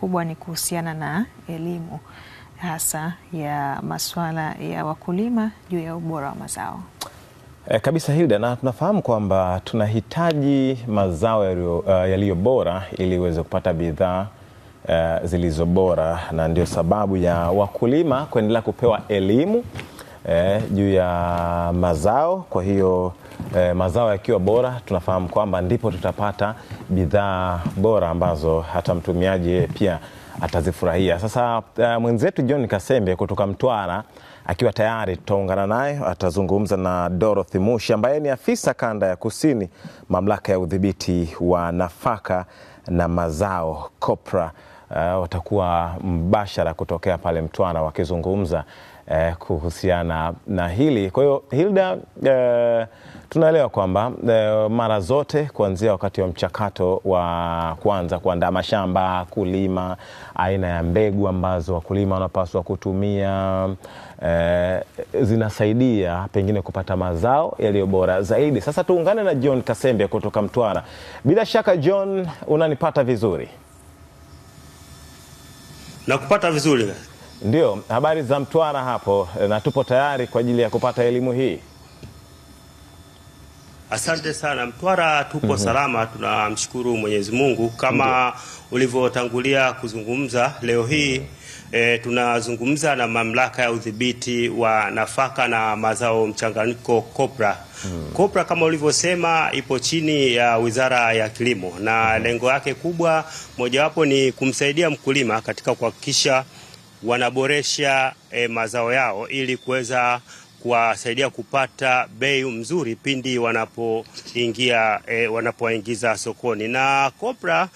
kubwa ni kuhusiana na elimu hasa ya masuala ya wakulima juu ya ubora wa mazao. E, kabisa Hilda, na tunafahamu kwamba tunahitaji mazao yaliyo uh, bora ili uweze kupata bidhaa uh, zilizo bora, na ndio sababu ya wakulima kuendelea kupewa elimu eh, juu ya mazao. Kwa hiyo eh, mazao yakiwa bora, tunafahamu kwamba ndipo tutapata bidhaa bora ambazo hata mtumiaji pia atazifurahia. Sasa uh, mwenzetu John Kasembe kutoka Mtwara akiwa tayari tutaungana naye, atazungumza na Dorothy Mushi ambaye ni afisa kanda ya kusini mamlaka ya udhibiti wa nafaka na mazao COPRA. Uh, watakuwa mbashara kutokea pale Mtwara wakizungumza eh, kuhusiana na hili. Kwa hiyo Hilda, eh, tunaelewa kwamba eh, mara zote kuanzia wakati wa mchakato wa kwanza kuandaa mashamba, kulima, aina ya mbegu ambazo wakulima wanapaswa kutumia eh, zinasaidia pengine kupata mazao yaliyo bora zaidi. Sasa tuungane na John Kasembe kutoka Mtwara. Bila shaka John, unanipata vizuri? Nakupata vizuri. Ndio, habari za Mtwara hapo, na tupo tayari kwa ajili ya kupata elimu hii. Asante sana Mtwara, tupo mm -hmm. salama, tunamshukuru Mwenyezi Mungu kama ulivyotangulia kuzungumza leo hii mm -hmm. e, tunazungumza na mamlaka ya udhibiti wa nafaka na mazao mchanganyiko COPRA. Hmm. COPRA kama ulivyosema ipo chini ya Wizara ya Kilimo na mhm. lengo yake kubwa mojawapo ni kumsaidia mkulima katika kuhakikisha wanaboresha e, mazao yao ili kuweza kuwasaidia kupata bei mzuri pindi wanapoingia e, wanapoingiza sokoni. Na kopra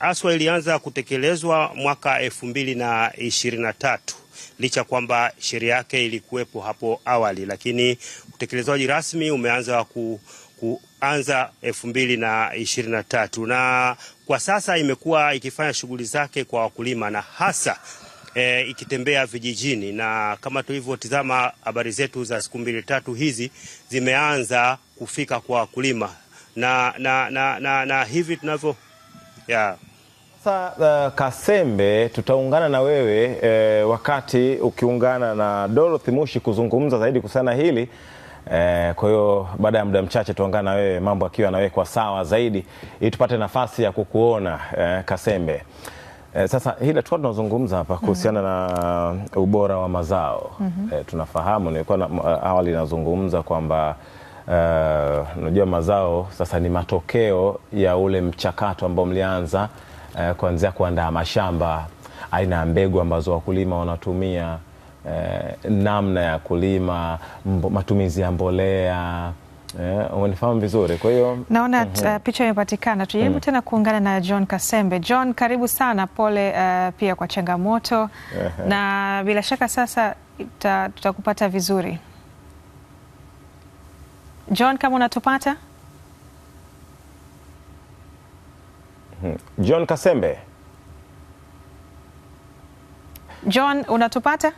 aswa ilianza kutekelezwa mwaka elfu mbili na ishirini na tatu licha kwamba sheria yake ilikuwepo hapo awali, lakini utekelezaji rasmi umeanza ku, kuanza elfu mbili na ishirini na tatu na kwa sasa imekuwa ikifanya shughuli zake kwa wakulima na hasa e, ikitembea vijijini, na kama tulivyotizama habari zetu za siku mbili tatu hizi zimeanza kufika kwa wakulima na, na, na, na, na hivi tunavyo yeah. Sasa uh, eh, Kasembe, tutaungana na wewe eh, wakati ukiungana na Dorothy Mushi kuzungumza zaidi kuhusiana hili eh, kwa hiyo baada ya muda mchache tuungana na wewe, mambo akiwa yanawekwa sawa zaidi, ili tupate nafasi ya kukuona eh, Kasembe. E, sasa hili tu tunazungumza hapa kuhusiana mm -hmm. na ubora wa mazao mm -hmm. E, tunafahamu nilikuwa na, eh, awali nazungumza kwamba unajua uh, mazao sasa ni matokeo ya ule mchakato ambao mlianza uh, kuanzia kuandaa mashamba, aina ya mbegu ambazo wakulima wanatumia, uh, namna ya kulima, mbo, matumizi ya mbolea Yeah, umenifahamu vizuri. Kwa hiyo naona mm -hmm. picha imepatikana. Tujaribu mm. tena kuungana na John Kasembe. John, karibu sana, pole uh, pia kwa changamoto na bila shaka sasa tutakupata vizuri John, kama unatupata hmm. John Kasembe. John, unatupata?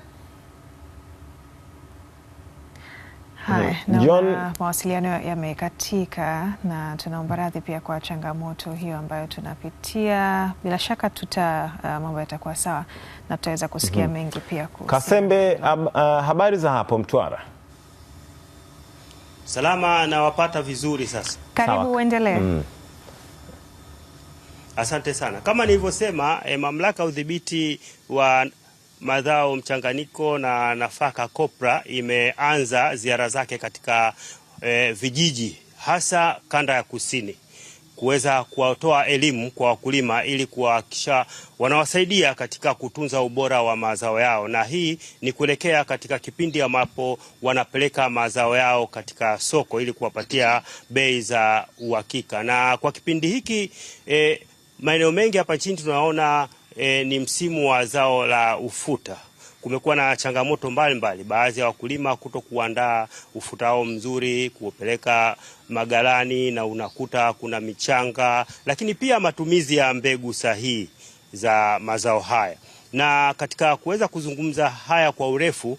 Haya, John... mawasiliano yamekatika na tunaomba radhi pia kwa changamoto hiyo ambayo tunapitia. Bila shaka tuta uh, mambo yatakuwa sawa na tutaweza kusikia mm -hmm. mengi pia kuhusu Kasembe. ab, uh, habari za hapo Mtwara? Salama, nawapata vizuri sasa. Karibu uendelee. mm. Asante sana. Kama nilivyosema, eh, mamlaka ya udhibiti wa mazao mchanganyiko na nafaka kopra imeanza ziara zake katika e, vijiji hasa kanda ya kusini kuweza kuwatoa elimu kwa wakulima ili kuhakikisha wanawasaidia katika kutunza ubora wa mazao yao, na hii ni kuelekea katika kipindi ambapo wanapeleka mazao yao katika soko ili kuwapatia bei za uhakika. Na kwa kipindi hiki e, maeneo mengi hapa nchini tunaona e, ni msimu wa zao la ufuta. Kumekuwa na changamoto mbalimbali, baadhi ya wakulima kuto kuandaa ufuta wao mzuri kuupeleka magalani, na unakuta kuna michanga, lakini pia matumizi ya mbegu sahihi za mazao haya. Na katika kuweza kuzungumza haya kwa urefu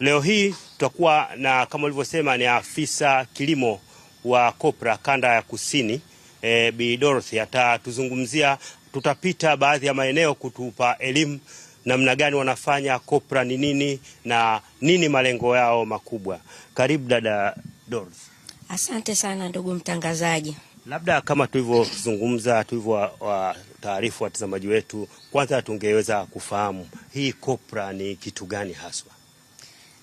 leo hii tutakuwa na kama ulivyosema, ni afisa kilimo wa Kopra kanda ya Kusini e, Bi Dorothy atatuzungumzia, tutapita baadhi ya maeneo kutupa elimu namna gani wanafanya kopra ni nini na nini malengo yao makubwa. Karibu dada Dorothy. Asante sana ndugu mtangazaji. Labda kama tulivyozungumza, tulivyowataarifu watazamaji wetu, kwanza tungeweza kufahamu hii kopra ni kitu gani haswa?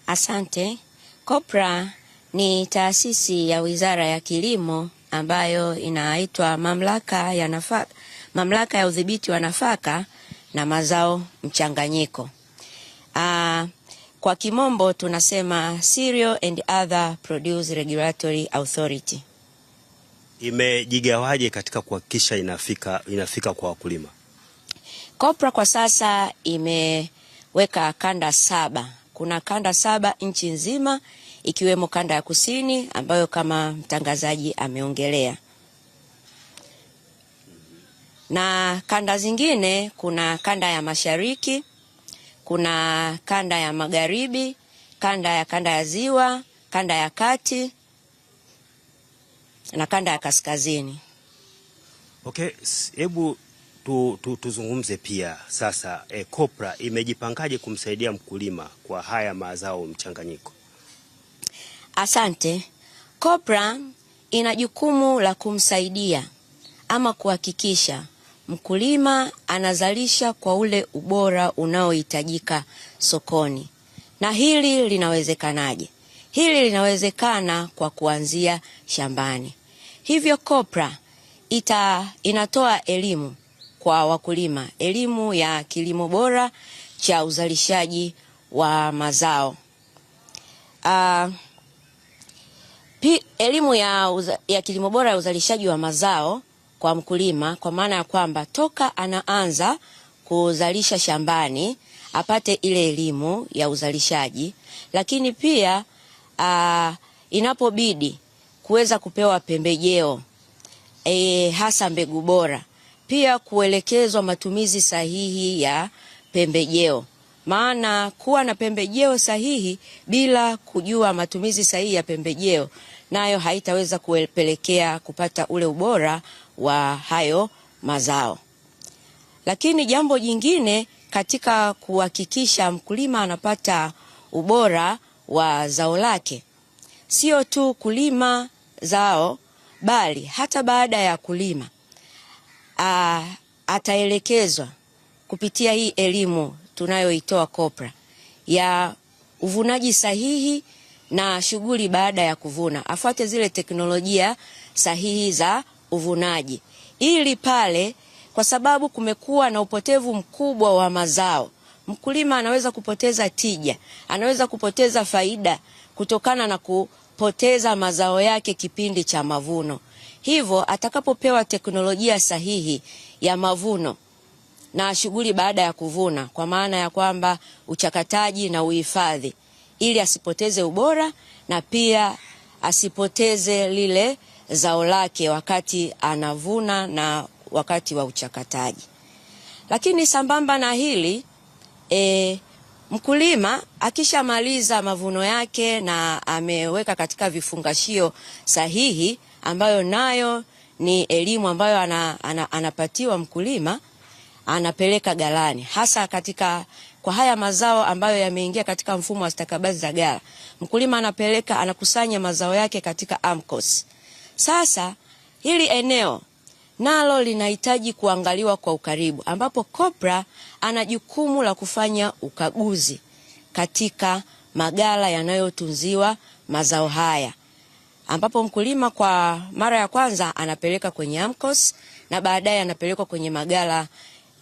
Asante. Kopra ni taasisi ya Wizara ya Kilimo ambayo inaitwa mamlaka ya nafaka, mamlaka ya udhibiti wa nafaka na mazao mchanganyiko. Aa, ah, kwa kimombo tunasema Cereal and Other Produce Regulatory Authority. Imejigawaje katika kuhakikisha inafika, inafika kwa wakulima? COPRA kwa sasa imeweka kanda saba. Kuna kanda saba nchi nzima ikiwemo kanda ya kusini ambayo kama mtangazaji ameongelea, na kanda zingine, kuna kanda ya mashariki, kuna kanda ya magharibi, kanda ya kanda ya ziwa, kanda ya kati na kanda ya kaskazini. Okay, hebu tu, tu, tuzungumze pia sasa e, COPRA imejipangaje kumsaidia mkulima kwa haya mazao mchanganyiko? Asante. COPRA ina jukumu la kumsaidia ama kuhakikisha mkulima anazalisha kwa ule ubora unaohitajika sokoni. Na hili linawezekanaje? Hili linawezekana kwa kuanzia shambani. Hivyo COPRA ita, inatoa elimu kwa wakulima, elimu ya kilimo bora cha uzalishaji wa mazao. Uh, Pi, elimu ya, uza, ya kilimo bora ya uzalishaji wa mazao kwa mkulima, kwa maana ya kwamba toka anaanza kuzalisha shambani apate ile elimu ya uzalishaji, lakini pia uh, inapobidi kuweza kupewa pembejeo e, hasa mbegu bora, pia kuelekezwa matumizi sahihi ya pembejeo maana kuwa na pembejeo sahihi bila kujua matumizi sahihi ya pembejeo nayo haitaweza kupelekea kupata ule ubora wa hayo mazao. Lakini jambo jingine katika kuhakikisha mkulima anapata ubora wa zao lake, sio tu kulima zao, bali hata baada ya kulima aa, ataelekezwa kupitia hii elimu tunayoitoa COPRA ya uvunaji sahihi na shughuli baada ya kuvuna, afuate zile teknolojia sahihi za uvunaji, ili pale, kwa sababu kumekuwa na upotevu mkubwa wa mazao, mkulima anaweza kupoteza tija, anaweza kupoteza faida kutokana na kupoteza mazao yake kipindi cha mavuno. Hivyo atakapopewa teknolojia sahihi ya mavuno na shughuli baada ya kuvuna, kwa maana ya kwamba uchakataji na uhifadhi, ili asipoteze ubora na pia asipoteze lile zao lake wakati anavuna na wakati wa uchakataji. Lakini sambamba na hili e, mkulima akishamaliza mavuno yake na ameweka katika vifungashio sahihi, ambayo nayo ni elimu ambayo ana, ana, anapatiwa mkulima anapeleka galani, hasa katika kwa haya mazao ambayo yameingia katika mfumo wa stakabadhi za gala. Mkulima anapeleka anakusanya mazao yake katika AMCOS. Sasa hili eneo nalo linahitaji kuangaliwa kwa ukaribu, ambapo COPRA ana jukumu la kufanya ukaguzi katika magala yanayotunziwa mazao haya, ambapo mkulima kwa mara ya kwanza anapeleka kwenye AMCOS na baadaye anapelekwa kwenye magala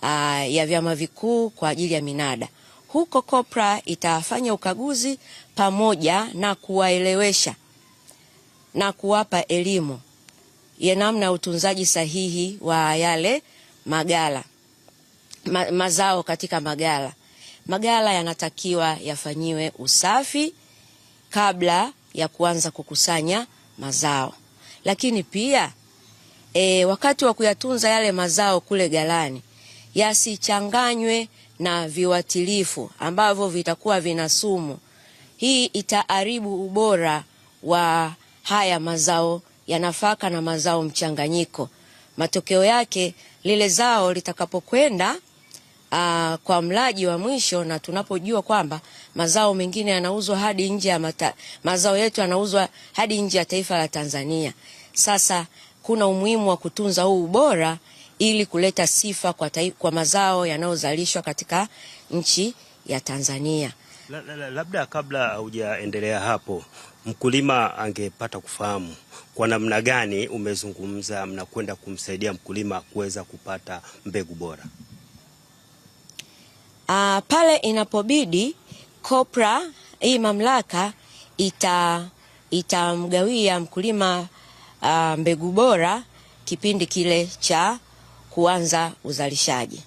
uh, ya vyama vikuu kwa ajili ya minada. Huko COPRA itafanya ukaguzi pamoja na kuwaelewesha na kuwapa elimu ya namna ya utunzaji sahihi wa yale magala ma, mazao katika magala. Magala yanatakiwa yafanyiwe usafi kabla ya kuanza kukusanya mazao, lakini pia e, wakati wa kuyatunza yale mazao kule galani yasichanganywe na viwatilifu ambavyo vitakuwa vina sumu. Hii itaharibu ubora wa haya mazao ya nafaka na mazao mchanganyiko. Matokeo yake lile zao litakapokwenda uh, kwa mlaji wa mwisho, na tunapojua kwamba mazao mengine yanauzwa hadi nje ya mata, mazao yetu yanauzwa hadi nje ya taifa la Tanzania. Sasa kuna umuhimu wa kutunza huu ubora ili kuleta sifa kwa, taip, kwa mazao yanayozalishwa katika nchi ya Tanzania. La, la, la, labda kabla hujaendelea hapo, mkulima angepata kufahamu kwa namna gani umezungumza mnakwenda kumsaidia mkulima kuweza kupata mbegu bora. Aa, ah, pale inapobidi COPRA hii mamlaka ita itamgawia mkulima ah, mbegu bora kipindi kile cha kuanza uzalishaji.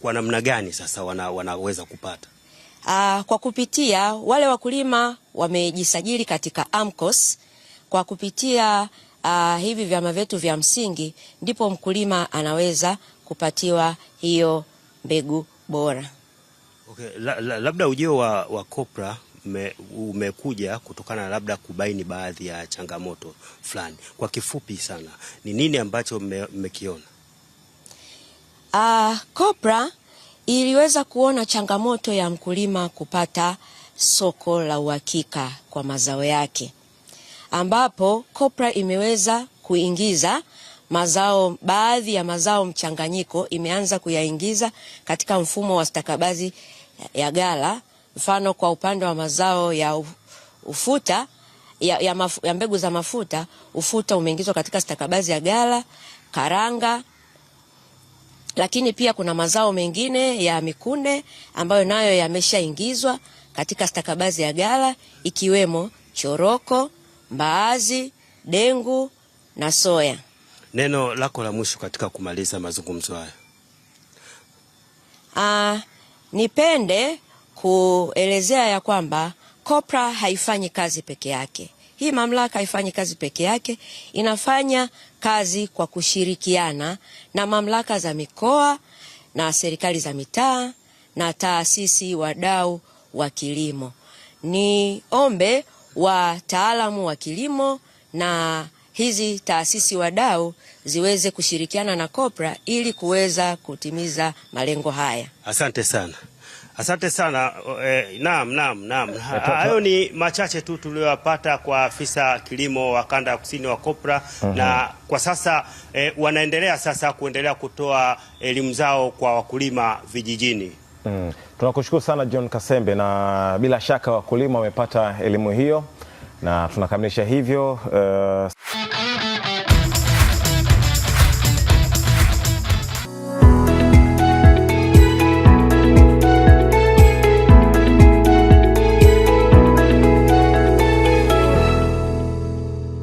Kwa namna gani sasa wana, wanaweza kupata? Aa, ah, kwa kupitia wale wakulima wamejisajili katika AMCOS kwa kupitia aa, ah, hivi vyama vyetu vya msingi ndipo mkulima anaweza kupatiwa hiyo mbegu bora. Okay, la, la, labda ujio wa, wa kopra ume, umekuja kutokana labda kubaini baadhi ya changamoto fulani. Kwa kifupi sana, ni nini ambacho mmekiona? Uh, COPRA iliweza kuona changamoto ya mkulima kupata soko la uhakika kwa mazao yake, ambapo COPRA imeweza kuingiza mazao baadhi ya mazao mchanganyiko imeanza kuyaingiza katika mfumo wa stakabadhi ya ghala Mfano kwa upande wa mazao ya ufuta ya, ya, maf, ya mbegu za mafuta, ufuta umeingizwa katika stakabazi ya gala, karanga, lakini pia kuna mazao mengine ya mikunde ambayo nayo yameshaingizwa katika stakabazi ya gala ikiwemo choroko, mbaazi, dengu na soya. Neno lako la mwisho katika kumaliza mazungumzo haya? Ah, nipende kuelezea ya kwamba COPRA haifanyi kazi peke yake. Hii mamlaka haifanyi kazi peke yake, inafanya kazi kwa kushirikiana na mamlaka za mikoa na serikali za mitaa na taasisi wadau wa kilimo. Ni ombe wataalamu wa kilimo na hizi taasisi wadau ziweze kushirikiana na COPRA ili kuweza kutimiza malengo haya. Asante sana. Asante sana eh, naam, naam, naam. Eh, hayo ni machache tu tuliyopata kwa afisa kilimo wa kanda ya kusini wa Kopra uhum. Na kwa sasa eh, wanaendelea sasa kuendelea kutoa elimu zao kwa wakulima vijijini. Mm. Tunakushukuru sana John Kasembe, na bila shaka wakulima wamepata elimu hiyo na tunakamilisha hivyo uh,